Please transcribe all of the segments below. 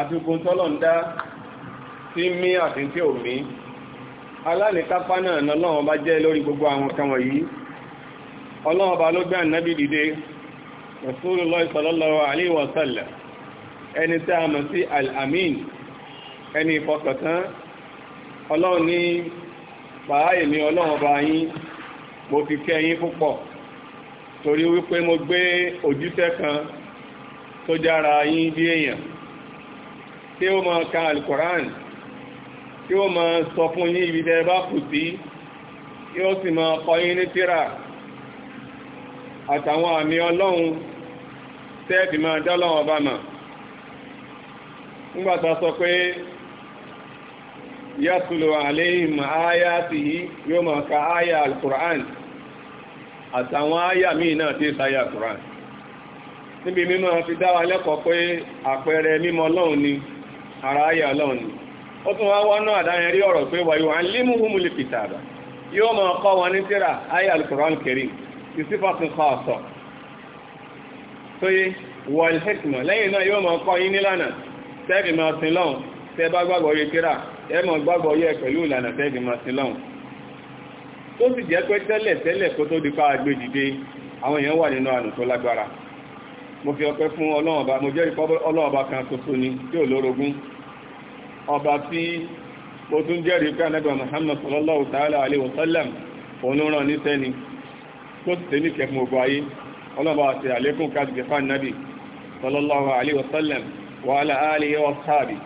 àti ogun tọ́lọ̀ ń dá tí mí àti tí ò mí aláníkápá náà ní ọlọ́run bá jẹ́ lórí gbogbo àwọn kan wọ̀nyí ọlọ́run bá ló gbé ànábì dìde Rasulullah sallallahu alaihi wa sallam ẹni tí a mọ̀ sí al ẹni ìfọkàntán ọlọ́run ní pàáyè tó jára yín bí èèyàn tí ó ma ka alkùrán tí ó ma sọ fún yí ibi bá kù sí tí ó sì kọ yí ní tíra àtàwọn àmì ọlọ́run tẹ́ẹ̀bì ma dọ́lọ́wọ́ bá ma. nígbàtà sọ pé yàtùlù àléhìm àáyá sí yóò ma ka áyà alkùrán àtàwọn áyà míì náà sáyà níbi mímọ̀ fi dáwà lẹ́kọ̀ọ́ pé àpẹẹrẹ mímọ̀ ọlọ́run ara ayé ọlọ́run ni ó tún wá wọ́nà àdáyẹn rí ọ̀rọ̀ pé wàyí wọn lé múhùmù lè yóò máa kọ́ wọn ní tíra ayé alukoran kiri yusufa tún kọ́ ọ̀sọ̀ tóyé wọ́n hekima lẹ́yìn náà yóò máa kọ́ yín nílànà tẹ́ẹ̀bì máa sin lọ́hùn tẹ́ bá gbàgbọ́ yẹ tíra ẹ máa gbàgbọ́ yẹ pẹ̀lú ìlànà tẹ́ẹ̀bì lọ́hùn tó sì jẹ́ pé tẹ́lẹ̀ tẹ́lẹ̀ kó tó di pa àwọn èèyàn wà nínú ànà tó lágbára mo fi ọpẹ́ fún ọlọ́run ọba mo jẹ́ ìpọ́ ọlọ́run ọba kan ṣoṣo ni tí ò lórogún ọba tí mo tún jẹ́rìí pé anábà Muhammad sallallahu ta'ala alaihi wa sallam òun ràn ní sẹ́ni tó sì tẹ́ ní kẹfún ogun ayé ọlọ́run ọba ti àlékún káàkiri fún anábì sallallahu alaihi wa sallam wa ala alihi wa sahbihi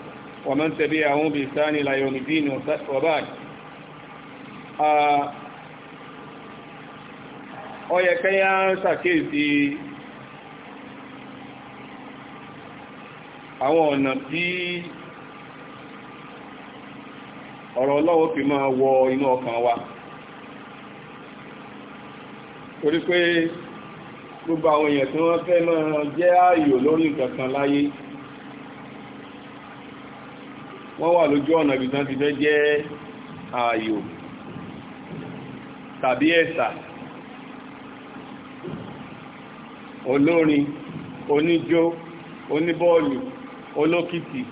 wa man tabi'ahum bi ihsan ila yawmiddin wa ba'd ó yẹ kẹ́yà ṣàkíyèsí àwọn ọ̀nà tí ọ̀rọ̀ ọlọ́wọ́ fi máa wọ inú ọkàn wa torí pé gbogbo àwọn èèyàn tí wọ́n fẹ́ máa jẹ́ ààyò lórí nǹkan kan láyé wọ́n wà lójú ọ̀nà ibi tán ti fẹ́ jẹ́ ààyò tàbí ẹ̀sà olórin oníjó oníbọ́ọ̀lù olókìkí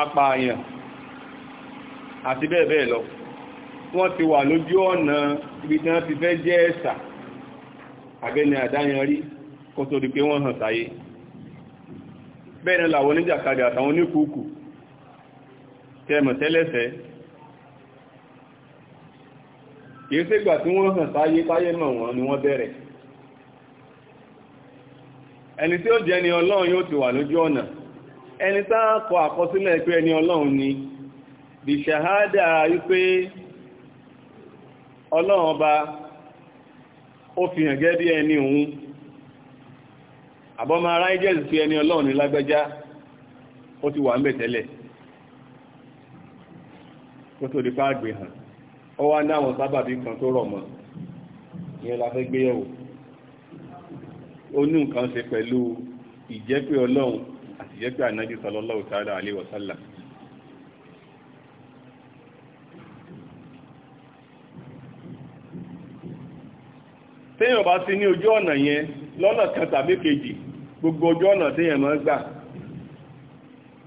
apààyàn àti bẹ́ẹ̀ bẹ́ẹ̀ lọ wọ́n ti wà lójú ọ̀nà ibi tí wọ́n ti fẹ́ jẹ́ ẹ̀sà àgẹ́ni àdáyanrí kó tó di pé wọ́n hàn sáyé bẹ́ẹ̀ ni làwọn oníjàkadì àtàwọn oníkùkù tẹ́mọ̀ tẹ́lẹ́sẹ̀ kìí sígbà tí wọ́n hàn sáyé táyé mọ̀ wọ́n ni wọ́n bẹ̀rẹ̀ ẹni tí ó jẹ́ ni ọlọ́run yóò ti wà lójú ọ̀nà ẹni tá kọ àkọsílẹ̀ pé ẹni ọlọ́run ni bí ṣàhádà wípé ọlọ́run ọba ó fi hàn gẹ́gẹ́ bí ẹni òun àbọ́mọ ara ìjẹ́sì fi ẹni ọlọ́run ní lágbẹ́já ó ti wà ń bẹ̀ tẹ́lẹ̀ kó tó di pàgbé hàn ó wá ní sábàbí kan tó rọ̀ mọ́ ìyẹn la fẹ́ gbéyẹ̀wò onu nkan nǹkan ṣe pẹ̀lú ìjẹ́pẹ́ ọlọ́run àti ìjẹ́pẹ́ ànájú sallallahu ta'ala alaihi wa bá ti ní ojú ọ̀nà yẹn lọ́nà kan tàbí kejì gbogbo ojú ọ̀nà téèyàn máa gbà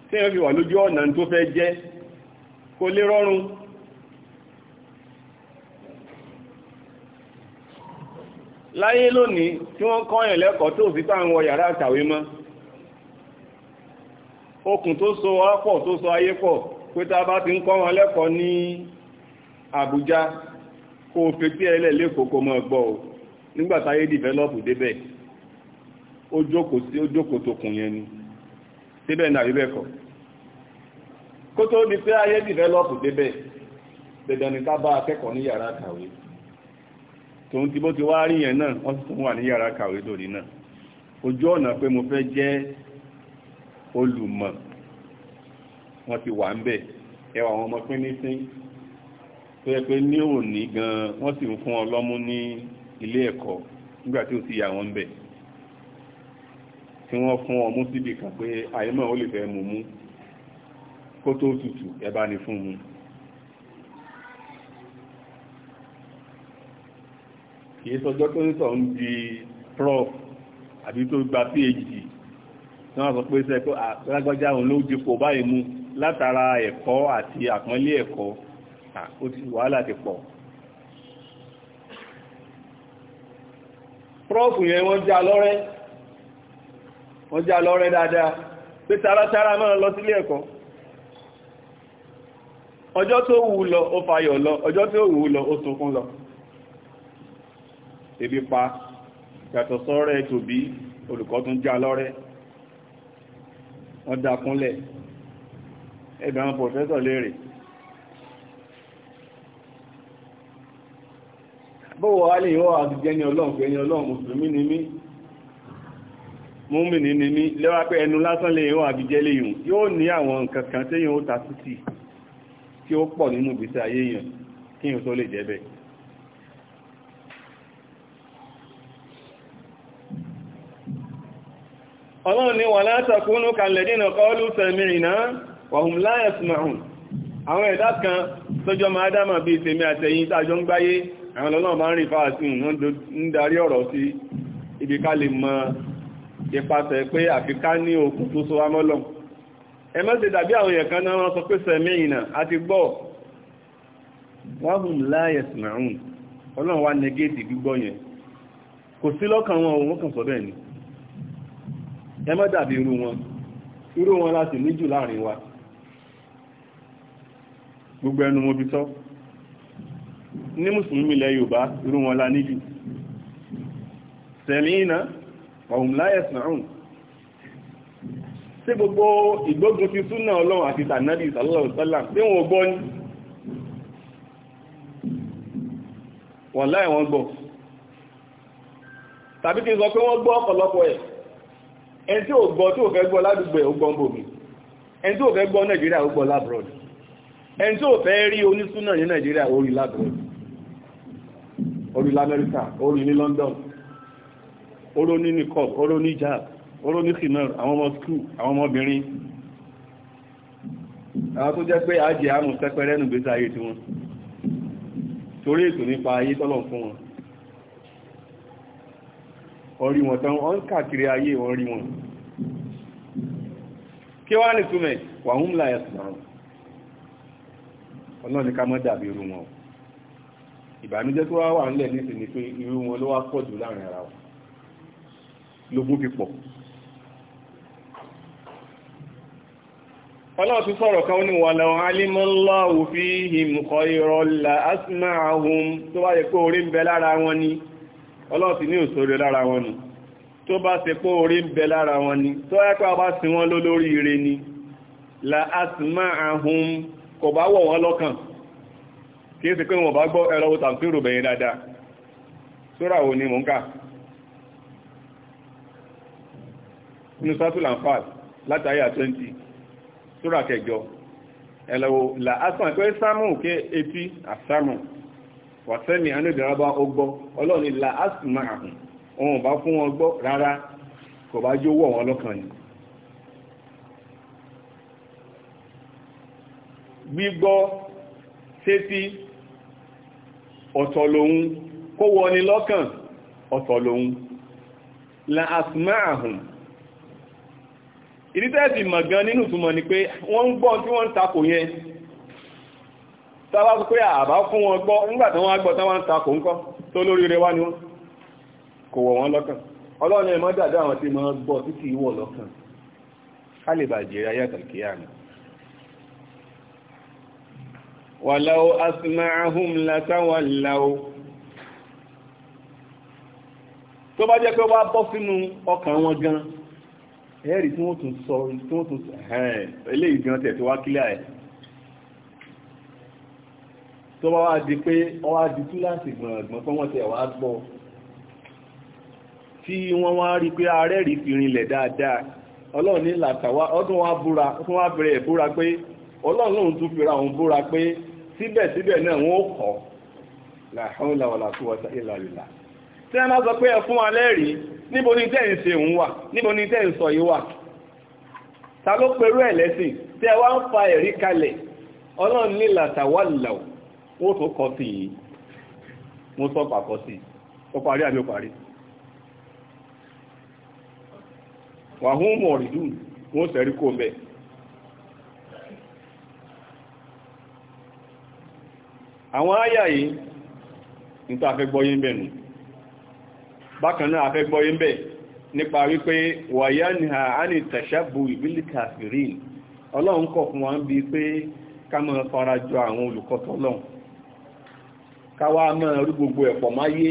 téèyàn fi wà lójú ọ̀nà tó fẹ́ jẹ́ kó lè rọrùn láyé lónìí tí wọ́n kọ́ yẹn lẹ́kọ̀ọ́ tó sì tàn wọ yàrá àkàwé mọ́ okùn tó so ọ́pọ̀ tó so ayé pọ̀ pé tá bá ti ń kọ́ wọn lẹ́kọ̀ọ́ ní Àbújá kó o fetí ẹlẹ́ lẹ́kọ̀ọ́ kó mọ́ gbọ́ o nígbà táyé dìvẹ́lọ́pù débẹ̀ ó jókòó sí ó jókòó tókùn yẹn ni débẹ̀ náà bíbẹ̀ kọ̀ kó tó di pé ayé dìvẹ́lọ́pù débẹ̀ dandan ni ká bá akẹ́kọ̀ọ́ ní yàrá àkàwé tòun ti bó ti wá rí yẹn náà wọ́n sì tún wà ní yàrá kàwé lórí náà ojú ọ̀nà pé mo fẹ́ jẹ́ olùmọ̀ wọ́n ti wà ń bẹ̀ ẹwà àwọn ọmọ pín nísín tó yẹ pé ní òní gan wọ́n sì ń fún ọlọ́mú ní ilé ẹ̀kọ́ nígbà tí ó yà wọ́n ń bẹ̀ tí wọ́n fún ọmú síbi kan pé ó lè fẹ́ mú mú kó ní fún kìí sọjọ́ tó tọ̀ ń di prof àbí tó gba phd náà sọ pé sẹ́kọ́ alágbájá òun ló dipò báyìí mú látara ẹ̀kọ́ àti àpọ́nlé ẹ̀kọ́ ó ti wàhálà ti pọ̀ prof yẹn wọ́n já lọ́rẹ́ wọ́n já lọ́rẹ́ dáadáa pé taratara máa lọ sílé ẹ̀kọ́ ọjọ́ tó wù lọ ó fayọ̀ lọ ọjọ́ tó wù lọ ó sunkún lọ ebi pa yàtọ̀ sọ́rẹ́ tòbí olùkọ́ tún já lọ́rẹ́ wọ́n dákúnlẹ̀ ẹgbẹ̀ àwọn pọ̀fẹ́sọ̀ léèrè bọ́wọ̀ alẹ́ ìwọ́ àti jẹ́ ní ọlọ́run pé ní ọlọ́run mùsùlùmí ni mí múmìnì ni mí lẹ́wà pé ẹnu lásán lè ìwọ́ àti jẹ́ léyìn yóò ní àwọn nǹkan kan tí yóò ta títì tí ó pọ̀ nínú ìgbésí ayé yẹn kí yóò tó lè jẹ́ bẹ́ẹ̀ ọlọ́run ni wà látàkúnú kàlẹ̀dínà kọlu sẹ̀mìnà wàhùn láyẹ̀sìmáhùn àwọn ẹ̀dá kan tọ́jọ́ máa dámà bí ìsẹ̀mí àtẹ̀yìn tàjọ ń gbáyé àwọn ọlọ́run máa ń rí fàásùn ń darí ọ̀rọ̀ sí ibi ká lè mọ ìpasẹ̀ pé àfiká ní okùn tó so amọ́lọ̀ ẹ má dàbí àwọn kan náà sọ pé àti kò sí lọ́kàn wọn òun ni ẹ má dàbí irú wọn irú wọn láti níjù láàrin wa gbogbo ẹnu mo bí sọ ní mùsùlùmí ilẹ̀ Yorùbá irú wọn la níjù sẹ̀mìínà ọ̀hùn láyẹ̀sàn tí gbogbo ìgbógun ti súnà ọlọ́run àti tànàbí sallallahu alaihi tàbí kí sọ pé wọ́n gbọ́ ọ̀pọ̀lọpọ̀ ẹ̀ ẹni tí ò gbọ́ tí ò fẹ́ gbọ́ ládùúgbò ẹ̀ ó gbọ́ ń bòmí ẹni tí ò fẹ́ gbọ́ nàìjíríà ó gbọ́ lábúrọ̀dù ẹni tí ò fẹ́ rí onísúnà ní nàìjíríà ó rí lábúrọ̀dù lamẹ́ríkà ó ní London oró ní nìkọ́b oró ní jab oró ní khimel àwọn ọmọ skul àwọn ọmọbìnrin àwọn tó jẹ́ pé àjẹ́ àmùsẹ́pẹ́rẹ́nù gbèsè ayé tiwọn torí ètò nípa ayé tọ́lọ̀ fún wọn orí wọn tán wọ́n káàkiri ayé wọ́n rí wọn kí wá ní túnmẹ̀ wàhún láyé sọ̀rọ̀ ọlọ́ni ká mọ́ dàbí irú wọn ìbànújẹ́ tó wá wà nílẹ̀ ní ìsinmi pé irú wọn ló wá pọ̀ jù láàrin ara wọn lógún fi pọ̀ ọlọ́run ti sọ̀rọ̀ kan ní wà lọ alímọ́láwò fíhìm khayran la asma'ahum tó wáyé pé orí ń bẹ lára wọn ni ọlọ́ọ̀sì ní òṣòrè lára wọn ni tó bá ṣe pó orí ń bẹ lára wọn ni tó ẹ́pà bá sí wọn lólórí ire ni la asma ahun kò bá wọ̀ wọn lọ́kàn kí é sì pé wọn bá gbọ́ ẹ̀rọ tàǹkìrò bẹ̀yìn dáadáa sóra wo ni mò ń kà nínú sátúlà ń fà látàyà 20 sóra kẹjọ ẹ̀lọ́wọ̀ la asma pé sámù kí etí àsámù wàsẹ́mi anídìrábá ó gbọ́ ọlọ́run la asma àhùn òun bá fún wọn gbọ́ rárá kò bá jó wọ̀ wọn lọ́kàn ni. gbígbọ́ sétí ọ̀tọ̀ lòun kó wọ lọ́kàn ọ̀tọ̀ lòun la asma àhùn ìdí tẹ́ẹ̀sì mọ̀ gan nínú ìtumọ̀ ni pé wọ́n ń gbọ́ tí wọ́n ń takò yẹn tàbá sọ pé àbá fún wọn gbọ́ nígbàtí wọ́n gbọ́ tán wọ́n ń ń kọ́ tó lórí rẹ wá ní wọ́n kò wọ̀ wọ́n lọ́kàn ọlọ́run ẹ̀mọ́ dàdá àwọn tí wọ́n gbọ́ títí ìwọ̀ lọ́kàn ká lè jẹ́ tó bá wá di pé ọwá di túláàsì gbọ̀ngbọ̀n pé wọ́n ti ẹ̀wà gbọ́ tí wọ́n wá rí pé ààrẹ rí fi rinlẹ̀ dáadáa ọlọ́run ní làtàwá ọdún wa búra fún wa bẹ̀rẹ̀ búra pé ọlọ́run lòun tún fira òun búra pé síbẹ̀síbẹ̀ náà wọ́n kọ́ làhán làwàlà tó wọ́ta ìlàlìlà tí wọ́n bá sọ pé ẹ fún wa níbo ni tẹ́ ń ṣe òun wà níbo ni tẹ́ ń sọ yìí wà ta ló perú ẹ̀ lẹ́sìn tẹ́ wá ń fa ẹ̀rí kalẹ̀ ọlọ́run ní làtàwá làwọ̀ wọ́n tó kọ́ sí yìí wọ́n sọ sí parí àbí ó parí mọ̀ rìdú wọ́n sẹ̀rí kó mẹ́ àwọn áyà yìí níta afẹ́ gbọ́yé ń bẹ̀ nù ń bẹ̀ nípa wípé wàyá ni ha ní tẹ̀ṣàbù ìbílì kàfìrí káwá máa rú gbogbo ẹ̀pọ̀ máyé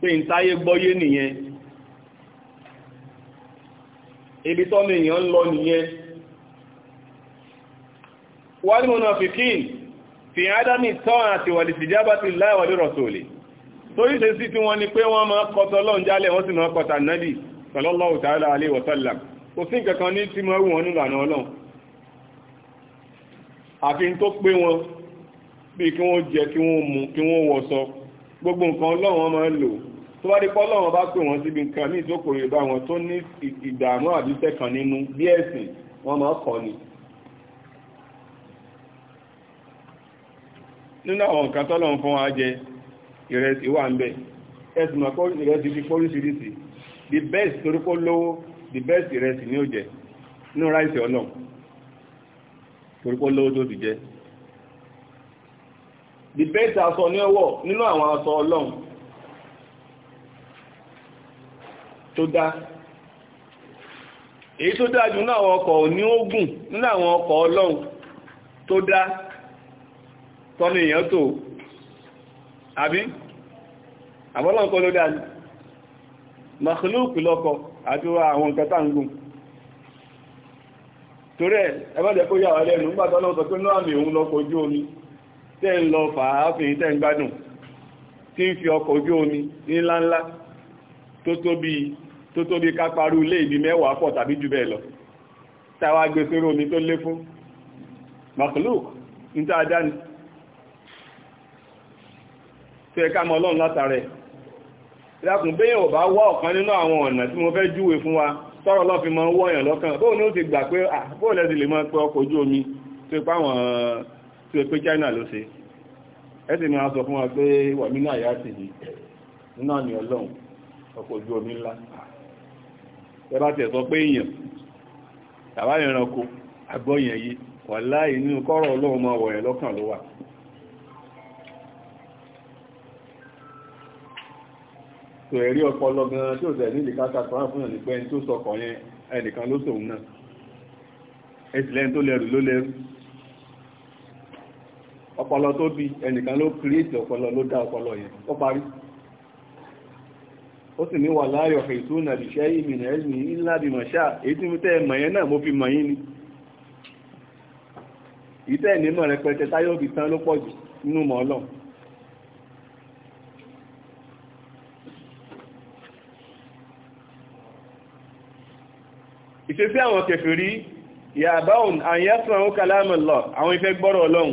pé ń táyé gbọ́yé nìyẹn ibi tọ́mọ èèyàn ń lọ nìyẹn wal munafiqin fi ádámì tán àti wà lè sì jábá ti láìwàdí rọ̀sọ̀lẹ̀ torí ṣe sí tí wọ́n ní pé wọ́n máa kọtọ lọ́n jálẹ̀ wọ́n sì máa kọta náàbì sallallahu ta'ala alaihi wa sallam kò sí nǹkan kan ní tí mọ́ wù wọn nílànà ọlọ́run àfi tó pé wọn bíi kí wọ́n jẹ kí wọ́n mu kí wọ́n wọṣọ gbogbo nǹkan ọlọ́run máa ń lò tó bá di pọ́ ọlọ́run bá pè wọ́n síbi nǹkan míì tó kò wọn tó ní ìdààmú àbíṣẹ́ kan nínú bí ẹ̀sìn wọ́n máa kọ́ ni. nínú àwọn nǹkan tọ́lọ́run fún wa jẹ ìrẹsì wà ń bẹ̀ ẹ̀sìn mọ̀ pé ìrẹsì ti póríṣiríṣi the best torí kó lówó the best ìrẹsì ni ó jẹ nínú ráìsì ọlọ́run torí kó lówó tó ti jẹ the best aṣọ ní nínú àwọn aṣọ ọlọ́run tó dá èyí tó dájú nínú àwọn ọkọ̀ ní ogun nínú àwọn ọkọ̀ ọlọ́run tó dá tọ́nà èèyàn tó àbí àbọ́lọ́n kọ́ ló dá ní àti torí jẹ́ kó yà wà lẹ́nu náà mi òun omi tẹ́ ń lọ fàáfin tẹ́ ń gbádùn tí ń fi ọkọ̀ ojú omi ńláńlá tó tóbi tó tóbi káparú ilé ìbí mẹ́wàá pọ̀ tàbí jù bẹ́ẹ̀ lọ táwa gbé sórí omi tó lé fún makluk ní tá a dáni tó ẹ̀ká mọ́ ọlọ́run látàrẹ ìdákùn bẹ́yàn ò bá wá ọ̀kan nínú àwọn ọ̀nà tí mo fẹ́ júwe fún wa tọ́rọ lọ́ fi mọ́ wọ́yàn lọ́kàn bóò ní ó ti gbà pé àbóòlẹ́sì lè mọ́ pé ọkọ̀ ojú omi tó ipá wọn tí ó pé China ló ṣe ẹ̀sì ni wọ́n sọ fún wa pé wà nínú àyà ti yìí nínú àmì ọlọ́run ọkọ̀ ojú omi ńlá ẹ bá tiẹ̀ sọ pé èèyàn tàbá ìranko àgbọ́yìn yìí wà láì nínú kọ́rọ̀ ọlọ́run máa wọ̀nyẹn lọ́kàn ló wà tò ẹ̀rí ọpọlọ gan tí ó tẹ̀ nílì káta kan fún ẹ̀nì pé ẹni tó sọkọ̀ yẹn ẹnìkan ló sòun náà ẹ̀sìlẹ́ni tó lẹ́rù ló lẹ́rù ọpọlọ tó bí ẹnìkan ló kírètì ọpọlọ ló dá ọpọlọ yẹn ó parí ó sì ní wà láyọ̀ ètò nàbìṣẹ́ ìmìnà ẹ̀mì ńlá bí mọ̀ ṣáà èyí tí mo tẹ́ mọ̀ yẹn náà mo fi mọ̀ yín ni ìtẹ́ ìnímọ̀ rẹpẹtẹ táyọ̀ fi tán ló pọ̀ jù nínú mọ̀ ìṣesí àwọn kèfèrí ìyàbáhùn àyẹ́sùn àwọn kàlámù lọ àwọn ìfẹ́ gbọ́rọ̀ ọlọ́run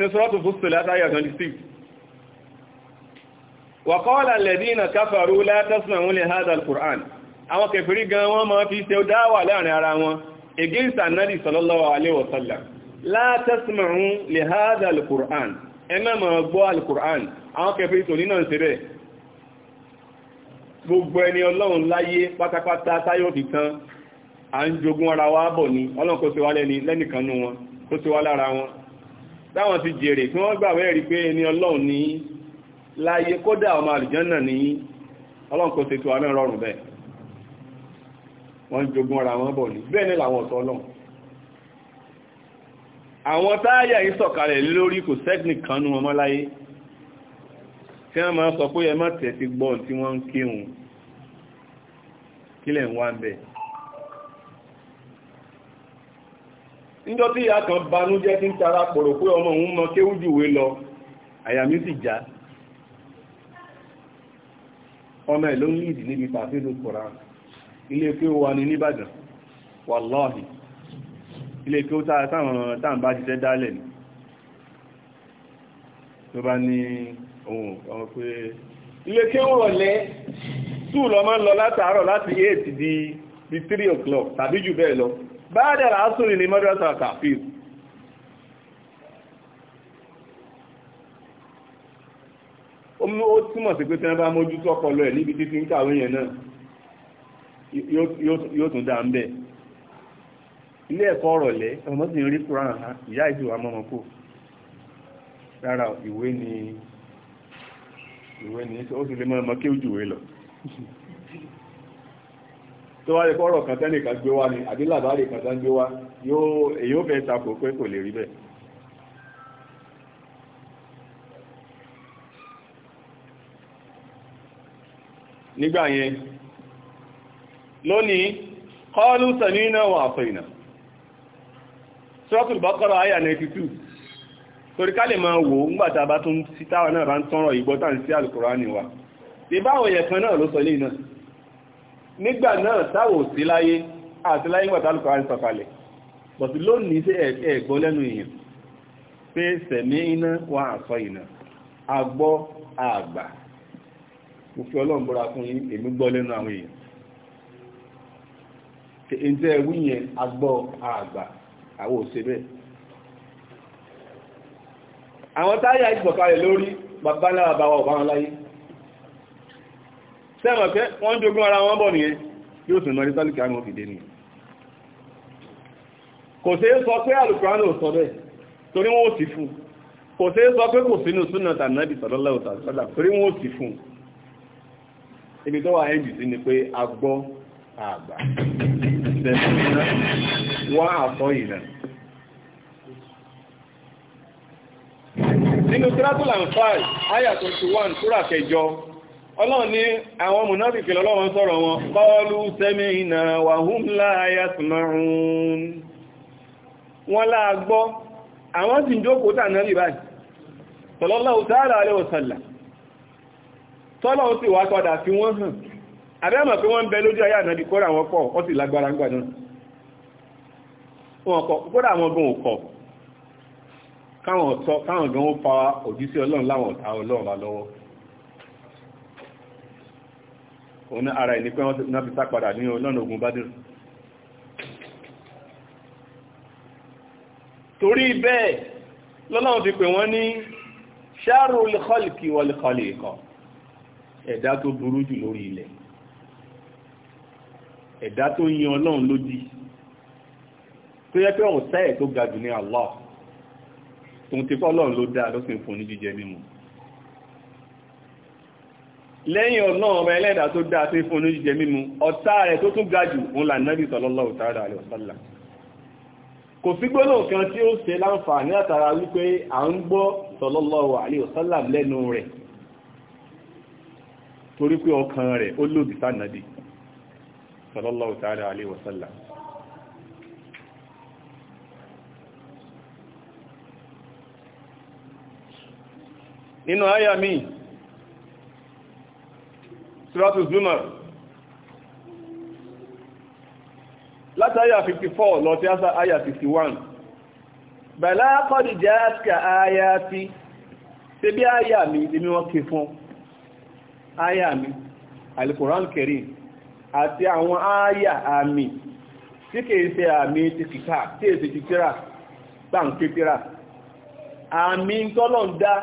ní sọ́rọ̀tù fúsùlá táyà 26 wa qala alladhina kafaru la tasma'u li hadha al-Qur'an àwọn kèfèrí gan wọ́n máa fi ṣe dáwà láàrin ara wọn against annabi sallallahu alaihi wasallam la tasma'u li hadha al-Qur'an ẹ má máa gbọ́ al-Qur'an àwọn kèfèrí tò nínà ṣe rẹ̀ gbogbo ẹni ọlọ́run láyé pátápátá táyọ̀ fi kan à ń jogún ara wa bọ̀ ni ọlọ́run kó ṣe wá lẹ́ni lẹ́nìkanú wọn kó ṣe wá lára wọn táwọn ti jèrè tí wọ́n gbà wẹ́rí pé ẹni ọlọ́run ní láyé kódà ọmọ àlùjànnà ní ọlọ́run kò ṣètò àmì rọrùn bẹ́ẹ̀ wọ́n jogun ara wọn bọ̀ ní bẹ́ẹ̀ ní làwọn ọ̀tọ̀ ọlọ́run àwọn táyà yìí sọ̀kalẹ̀ lórí kò sẹ́gbìn kan nú ọmọ láyé tí wọ́n máa sọ pé ẹ má tẹ̀ sí gbọ́ tí wọ́n ń kírun kílẹ̀ ń wá bẹ́ẹ̀ níjọ́ tí ìyá kan banújẹ́ tí ń tara pòrò pé ọmọ òun mọ kéwú jùwé lọ àyà mi sì já ọmọ ẹ̀ ló ń lìdì níbi pàfíìlú koran ilé pé ó wà ní nìbàdàn wàláhì ilé pé ó táwọn táàbá jíṣẹ́ dálẹ̀ ni tó bá ní ohun ọmọ pé ilé pé ó rọ̀lẹ́ tù lọ máa ń lọ látàárọ̀ láti 8 di 3 o'clock tàbí jù bẹ́ẹ̀ lọ baada ya asri ni madrasa ya kafir omo o tumo se pe tan ba moju to opolo e nibi ti tin ka won yen na yo yo yo tun da nbe ile ko oro le omo tin ri ha iya ijo amo mo dara iwe ni iwe ni o tun le mo mo ke tó wá lè kọ́rọ̀ kan tẹ́nì kan gbé wá ni kan tán wá èyí ó fẹ́ takò pé kò lè rí bẹ́ẹ̀ nígbà yẹn lónìí kọ́ọ̀lù sami'na wa ata'na Suratul Baqara àyà 92 torí ká lè máa wò ńgbàtà bá tún náà bá ń ìgbọ́ta sí náà ló sọ náà nígbà náà táwò sí láyé àti láyé ìgbà tálùkọ̀ àti sọ̀kalẹ̀ bọ̀tí lónìí sí ẹ̀gbọ́ lẹ́nu èèyàn pé sẹ̀mí iná wà àsọ ìnà agbọ́ àgbà mo fi ọlọ́run bọ́ra fún yín èmi gbọ́ lẹ́nu àwọn èèyàn ǹjẹ́ ẹ̀wú àwọn táyà ìgbọ̀kalẹ̀ lórí bàbá náà bá wọn láyé sẹ́wọ̀n pé wọ́n ń jogún ara wọn bọ̀ nìyẹn yóò tún lọ́rí tálíkì àmì òfìdé ni kò sí sọ pé alùpùránù ò sọ bẹ́ẹ̀ torí wọ́n ò sì fún kò sí sọ pé kò sínú súnà tànàbì sallallahu alaihi wasallam torí wọ́n ò sì fún ibi tó wà ẹ́jì sí ni pé nínú 21 kúrà ọlọ́run ní àwọn mùnáfìkì lọ́lọ́run sọ̀rọ̀ wọn qalu sami'na wa hum la yasma'un láàgbọ́ àwọn sì ń tà rí báyìí fi wọ́n hàn pé wọ́n bẹ lójú wọn wọ́n sì náà kọ̀ káwọn gan ó fa ọlọ́run láwọn ọlọ́run òun ara ẹ̀ ní pé wọ́n náà fi sá padà ní ọlọ́nà ogun Badr torí bẹ́ẹ̀ lọ́lọ́run ti pè wọ́n ní sharul khalqi wal khaliqa ẹ̀dá tó burú jù lórí ilẹ̀ ẹ̀dá tó yin ọlọ́run lódì tó yẹ pé ọ̀hún sáyẹ̀ tó ga jù ní Allah lẹ́yìn ọ̀nà ọba ẹlẹ́dà tó dá sí fún ní jíjẹ mímu ọ̀tá rẹ̀ tó tún ga jù òun là nábì sallallahu ta'ala kò sí gbóná kan tí ó se láǹfààní àtàrà wípé à ń gbọ́ sallallahu alaihi lẹ́nu rẹ̀ torí rẹ̀ ó nínú suratu zumar láti àyà 54 lọ tí àṣà àyà 61 bẹ̀lá kọ́dì jẹ́ àṣìkà ti, tí ṣe bí àyà mi ní wọ́n ké fún àyà mi alìkòrán kẹrin àti àwọn àyà àmì tí kìí ṣe àmì ti kìtà tí èsì ti tíra gbáǹkì tíra àmì tọ́lọ̀ ń dá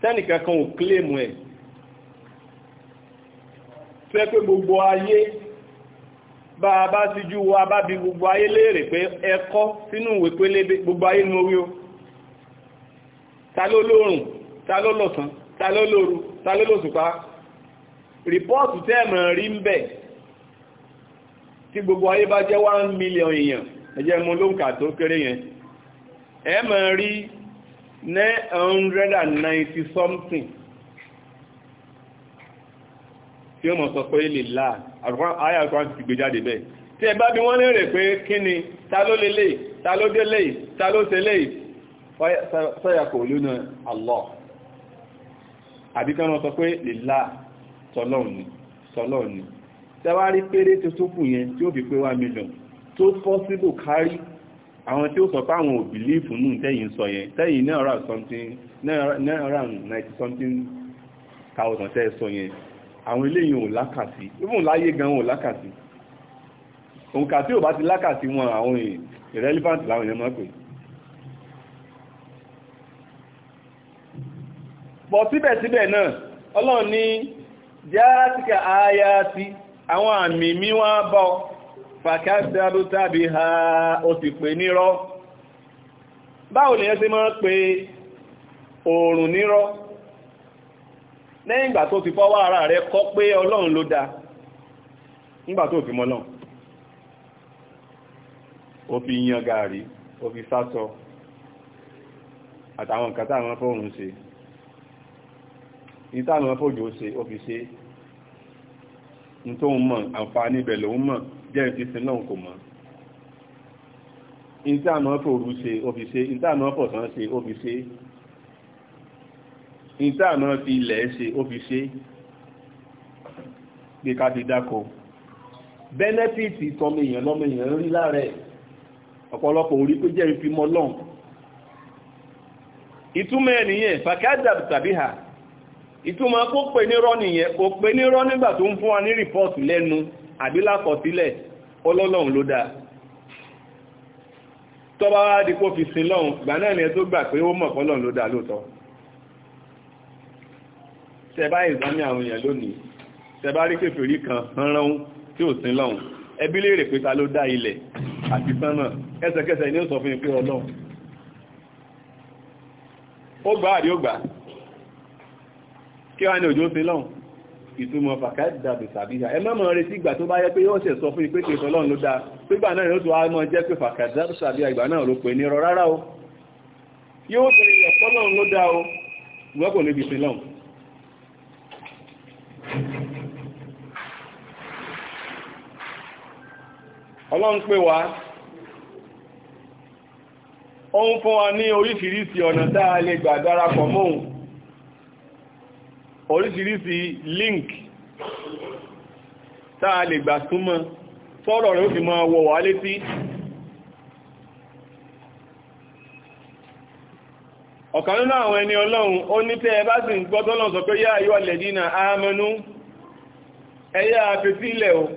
tẹ́nìkankan ò kílèmù ẹ̀ fẹ́ pé gbogbo ayé bá a bá ti jú wa bá bí gbogbo ayé léèrè pé ẹkọ́ sínú ìwé pélébé gbogbo ayé ní orí o ta ló lóòrùn ta ló lọ̀sán ta ló lóru ta ló lòṣùpá rìpọ́ọ̀tù tẹ́ẹ̀mọ̀ rí ń bẹ̀ tí gbogbo ayé bá jẹ́ 1 million èèyàn ẹjẹ́ mú ló ń kà tó kéré yẹn ẹ máa rí 990 something tí ó mọ̀ sọ pé lè láà àyà àkọ́kọ́ ti gbé jáde bẹ́ẹ̀ tí ẹ bá bí wọ́n lè rẹ̀ pé kí ni ta ló lè lè ta ló dé lè ta ló ṣe lè sọ́yà kò lónà Allah àbí kí wọ́n sọ pé lè láà tọ́lọ́run ni tọ́lọ́run ni tẹ́wárí péré tó tó kù yẹn tí ó fi pé wá mílíọ̀n tó possible kárí àwọn tí ó sọ pé àwọn ò bìlífù nù tẹ́yìn sọ yẹn tẹ́yìn náírà something náírà something sọ yẹn àwọn eléyìí ò lákàsí even láyé gan ò lákàsí òǹkà tí ò bá ti lákàsí wọn àwọn irrelevant láwọn èèyàn máa pè bọ̀ síbẹ̀síbẹ̀ náà ọlọ́run ní jáàtìkà ayá ti àwọn àmì mi wá bọ́ fàkásíárú tàbí ha ó ti pè nírọ́ báwo lèyàn ṣe máa pè oòrùn nírọ́ lẹ́yìn ìgbà tó ti fọwọ́ ara rẹ kọ́ pé ọlọ́run ló dá nígbà tó fi mọ́lọ́n ó fi yan gààrí ó fi sásọ àtàwọn nǹkan táwọn fóòrùn ṣe ìtàwọn fòjò ṣe ó fi ṣe ní tó ń mọ̀ àǹfààní ibẹ̀ lòun mọ̀ jẹ́ ìfisìn náà kò mọ̀ ìtàwọn fòrù ṣe ó fi ṣe ìtàwọn fọ̀sán ṣe ó fi ṣe ìta náà fi ilẹ̀ ṣe ó fi ṣe pé ká fi dákọ̀ bẹ́nẹ́fìtì tọmọ èèyàn lọ́mọ èèyàn rí láàrẹ ọ̀pọ̀lọpọ̀ orí pé jẹ́ ìfimọ́ lọ́n ìtumọ̀ ẹniyẹn fàkádà tàbí ha ìtumọ̀ kó pè nírọ́ nìyẹn kò pè nírọ́ nígbà tó ń fún wa ní rìpọ́ọ̀tù lẹ́nu àbí lákọsílẹ̀ ọlọ́lọ́run ló dáa tọ́ba wá dípò fi sin lọ́hùn gbà náà ni ẹ tó gbà pé ó mọ̀ pọ́lọ́run ló dáa lóòótọ́ tẹbá ìzámí àwọn èèyàn lónìí tẹbá rí kèfèrí kan ránrán tí ò sin lọ́hun ẹbí lè rè pé ta ló dá ilẹ̀ àti sánmà ẹsẹ̀kẹsẹ̀ ní ó sọ fún ìpé ọlọ́run ó gbá àrí ó gbà kí wá ní òjò sin lọ́hun ìtumọ̀ fàkádàbì sàbíyà ẹ mọ́mọ̀ retí ìgbà tó bá yẹ pé yóò ṣe sọ fún ìpé kèfèrí ọlọ́run ló dá pígbà náà ló tó wá mọ́ jẹ́ o yóò níbi sin ọlọ́run pè wá ó ń fún wa ní oríṣiríṣi ọ̀nà dáa lè gbà darapọ̀ mọ́hun oríṣiríṣi link tá a lè gbà súnmọ́ sọ́rọ̀ rẹ̀ ó fi máa wọ̀ wá létí ọ̀kan nínú àwọn ẹni ọlọ́run ó ní tẹ́ ẹbá bá sì ń gbọ́ tọ́lọ́run pé yá ayọ́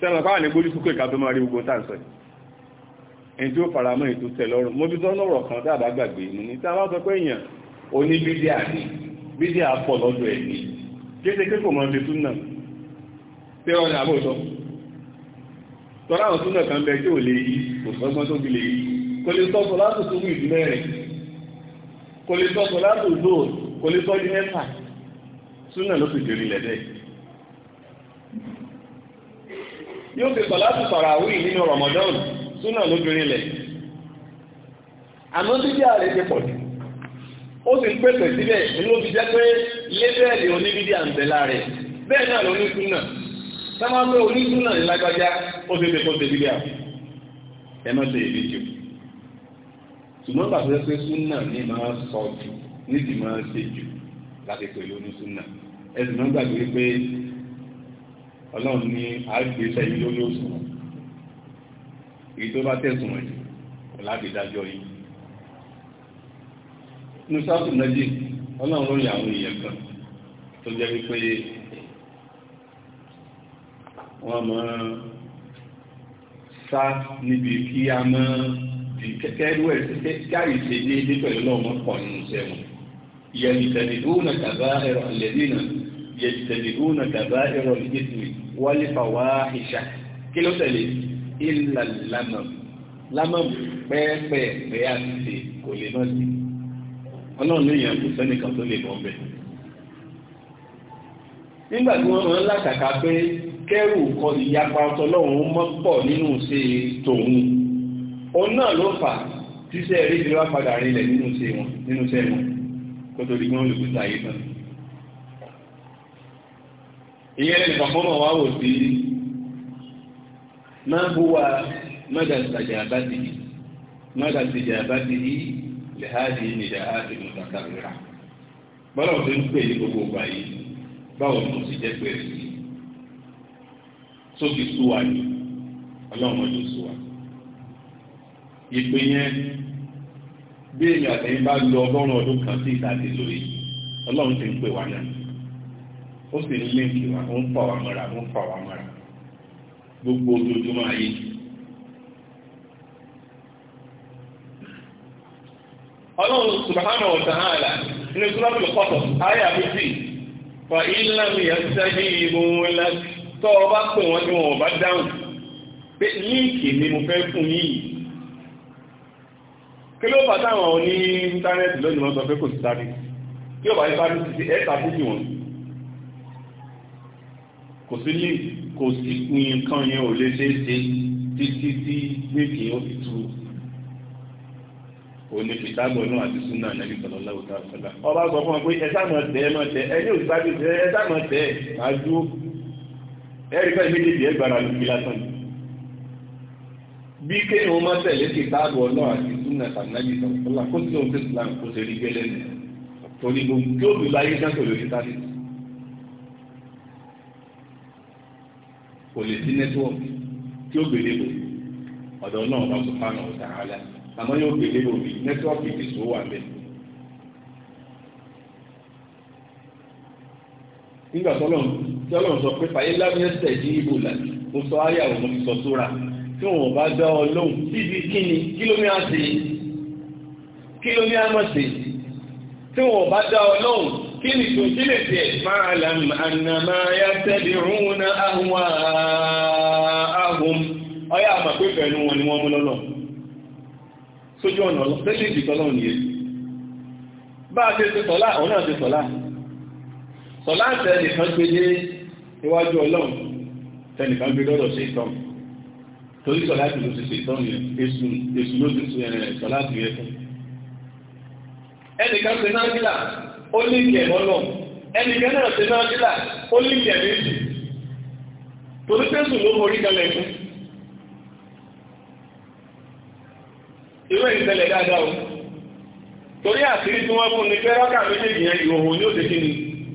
sẹ́nà káwà ní gbójú sókè ìkàtọ́ máa rí gbogbo tàǹsọ̀ ẹni tí ó fara mọ́ ètò tẹ̀ lọ́rùn mo bí kan tá àbá gbàgbé mi ní tá a bá sọ pé èèyàn oní bídíà ni bídíà pọ̀ lọ́dọ̀ ẹ̀ ní kéde pé kò mọ ṣe tún náà pé ọ̀nà àbòsọ tọ́lá àwọn tún náà kan bẹ tí ò lè yí kò sọ́gbọ́n tó fi lè yí kò lè sọ́sọ látò tó wù kò lè sọ́sọ yóò fi sọ̀láàtù tàràwí nínú Ramadan súnà lóbìnrin lẹ̀ àmọ́ dídí ààrẹ ti pọ̀ jù ó sì ń pèsè síbẹ̀ ló fi jẹ́ pé lébẹ́ẹ̀lì oníbídí àǹtẹ̀lá rẹ̀ bẹ́ẹ̀ náà ló ní súnà sáwọn pé ní lágbájá ó sì fi àwọn ṣe èdè jù ṣùgbọ́n sọ jù ní ti máa ṣe jù láti pẹ̀lú náà ọlọ́run ní àgbéṣẹ́ yìí lórí òṣùwọ̀n èyí tó bá tẹ̀sùn ẹ̀ láti dájọ́ yìí ní sáàtù méjì ọlọ́run lórí àwọn èèyàn kan tó jẹ́ wípé wọ́n máa sá níbi kí a máa di kẹ́kẹ́rú ẹ̀ kí a yìí ṣe déédéé pẹ̀lú ọlọ́run pọ̀ nínú iṣẹ́ wọn ìyẹn ìtẹ̀lẹ́dúnrún nàkàbá ẹ̀rọ ìlẹ́dínà yẹtẹ̀lẹ́gùnà gàbá ẹ̀rọ ìgbésí wálé fàwa ìṣà kí ló tẹ̀lé ìlà lámàmù lámàmù pẹ́ẹ́pẹ́ẹ́pẹ́ àti kò lè má sí ọlọ́run ní ìyàn kò sẹ́nìkan tó lè bọ́ bẹ́ẹ̀. nígbà tí wọ́n máa ń làkàkà pé kẹ́rù kọ ìyapa ọtọlọ́run mọ́ pọ̀ nínú ṣe tòun òun náà ló fà tíṣẹ́ rí ìdílé wá padà rinlẹ̀ nínú ṣe wọn kó tó di gbọ́n olùkúta yìí náà. ìyẹn ti fàkọ́mọ̀ wá wò sí máa bú wa dị àbátìyí mọ́dàtàjà àbátìyí lẹ́hàdì nìjà áàdì mọ́tàkàrà bọ́lá òfin ń pè ní gbogbo ọgbà yìí gbogbo ni anyị ti jẹ́ pé rí sókè súwa ni ọlọ́run ọdún bí èèyàn ọdún kan sí lórí ti ń ó sì ń léǹkì wa ó ń fà wá mọ́ra ó ń fà wá mọ́ra gbogbo ojoojúmọ́ ayé. ọlọ́run subhanahu wa ta'ala nínú sùlọ́bù lọ́kọ̀tọ̀ ayé àbújì fa ìlànà ìyàtúnṣe ìbò ńlá tó o bá pè wọ́n tí wọn ò bá dáhùn pé líǹkì ni mo fẹ́ fún yìí kí ló fà táwọn oní íńtánẹ́ẹ̀tì lónìí wọn sọ pé kò sí sáré kí ó bá yí sáré sí ẹ̀ta fún jù wọn kò sí lè kò sí nǹkan yẹn ò lè ṣeé ṣe títí tí méjì ó fi tu òní kìtàgbọ̀ náà àti súnà nàbí sọlọ́lá òtá sọlá ọba sọ fún ọ pé ẹ̀sà mọ̀ tẹ́ ẹ mọ̀ tẹ́ ẹ ní òṣìṣẹ́ àti ìṣẹ́ ẹ̀sà mọ̀ tẹ́ ẹ máa dúró ẹ̀rí pẹ́ méjèèjì ẹ̀ gbára lómi lásán ni bí kéèyàn ó má tẹ̀lé kìtàgbọ̀ náà àti súnà nàbí sọlọ́lá kó sí ohun tó ti láǹkó ṣe rí gẹ́lẹ́ nù torí gbogbo kí ó láyé sáńtò lórí sáré kò lè sí nẹ́tíwọ́ọ̀kì tí ó gbélé bò ọ̀dọ̀ náà wọ́n sọ fáwọn ọ̀tá ara àmọ́ yóò gbélé bò bí nẹ́tíwọ́ọ̀kì ti sòwò wà bẹ́ẹ̀. nígbà tí ọlọ́run sọ pé fàyè lábẹ́sẹ̀ ní ibò làbí mo sọ ayé àwọn ọmọ mi sọ sóra tí wọn bá dá ọ lóhùn bíbí kíni kí ló ní á ṣe kí ló ní á mọ̀ ṣe tí wọn bá dá ọ lóhùn kí ni tó kí lè tẹ̀ máa làm ànàmá ya tẹ́lẹ̀ rún àwọn ààhùn ọyá àmà pé pẹ̀lú wọn ni wọ́n mú lọ́nà sójú ọ̀nà lẹ́ṣẹ̀kì tọ́lọ́ nìyẹn bá a ṣe ṣe sọ́lá ọ̀nà ṣe sọ́lá sọ́lá tẹ́nìkan gbé dé iwájú ọlọ́run tẹ́nìkan gbé lọ́dọ̀ esu ó lè jẹ̀ lọ́nà ẹnìkan náà ṣe náà sílà ó lè jẹ̀ méjì torí pẹ́sù ló morí kalẹ̀ fún ìwé ìṣẹ̀lẹ̀ dáadáa o torí àṣírí tí wọ́n fún ni pé rọ́kà méjèèjì yẹn ìhòhò ní òṣèké ni